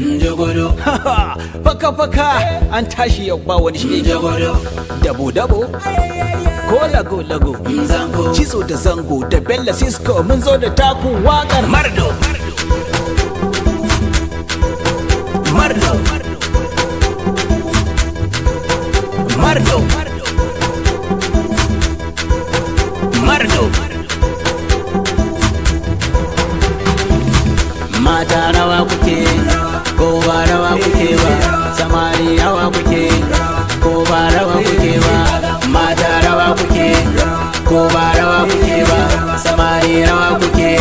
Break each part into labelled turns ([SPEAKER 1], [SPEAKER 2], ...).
[SPEAKER 1] njogodo. Paka paka an tashi yau ba wani shi. njogodo. Dabo dabo. Ko lago lago. Zango. da zango da Bella sisko mun zo da taku wakar.
[SPEAKER 2] Mardo. Mardo. Mardo. Mardo. Mardo. mata rawa kuke ko ba rawa kuke ba samari rawa kuke ko ba rawa kuke ba mata rawa kuke ko ba rawa kuke ba samari rawa kuke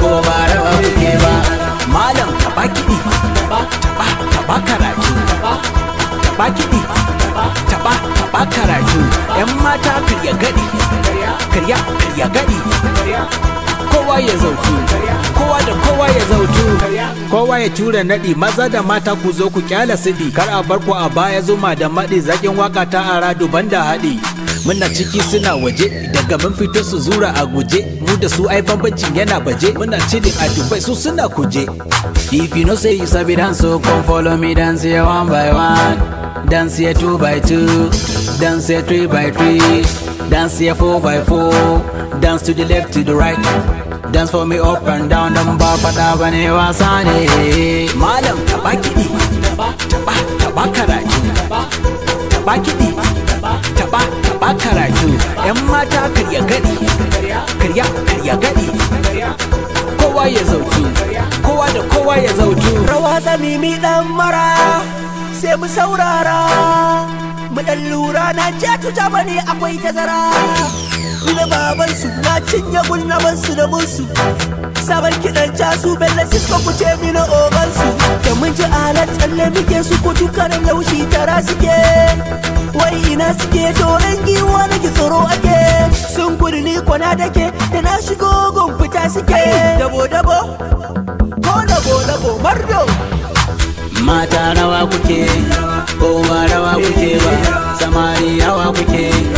[SPEAKER 2] ko ba rawa kuke ba malam taba kiɗi taba taba karatu
[SPEAKER 1] taba kiɗi taba taba karatu yan mata karya gadi karya karya gadi kowa ya zauki da kowa ya zautu kowa ya tura naɗi maza da mata ku zo ku kyala sidi kar a barku a baya zuma da maɗi zakin waka ta ara duban da haɗi muna ciki suna waje daga mun fito su zura a guje mu da su ai bambancin yana baje muna chilling a dubai su suna kuje if you know say you sabi dance so come follow me dance here one by one dance here two by two dance here three by three dance here four by four dance to the left to the right dance for me up and down don ba fada bane wasa ne malam taba kiɗi taba taba karatu taba kiɗi taba taba karatu yan mata karya gadi karya karya gadi kowa ya zautu
[SPEAKER 3] kowa da kowa ya zautu rawa tsamimi dan mara sai mu saurara mu dan lura na ce tuja bane akwai tazara na baban su na cinye su da mun su sabar kiɗan casu bella sisko ku ce oban su da mun ji ala tsalle muke su ku dukkanin laushi tara suke wai ina suke an gi wani ki tsoro ake sun gudu ni kwana dake da na shigo gun fita suke dabo dabo ko dabo dabo mardo
[SPEAKER 2] mata rawa kuke kowa rawa kuke ba samari rawa kuke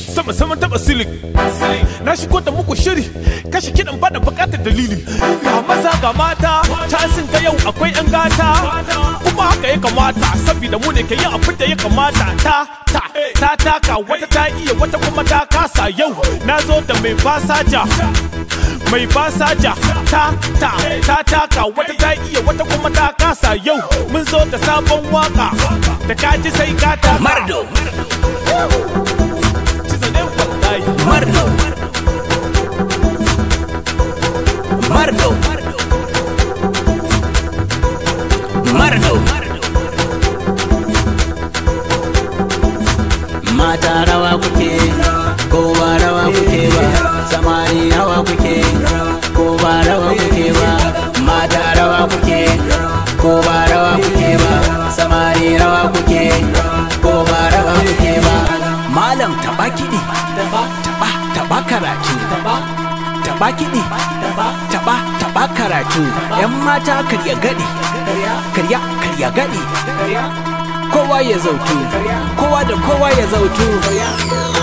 [SPEAKER 4] sama sama taba silik na shigo da muku shiri kashe kidan bada bukatar dalili ga maza ga mata sun ga yau akwai yan gata kuma haka ya kamata saboda mu ne ke yin abin da ya kamata ta ta ta taka wata ta iya wata kuma ta kasa yau na zo da mai fasaja mai fasaja ta ta ta taka wata ta iya wata kuma ta kasa yau mun zo da sabon waka da kaji sai gata mardo
[SPEAKER 2] Arno. Mata rawa kuke
[SPEAKER 1] taba kiɗi taba taba karatu yan mata karya gaɗi karya karya gaɗi kowa ya zautu kowa da kowa ya zautu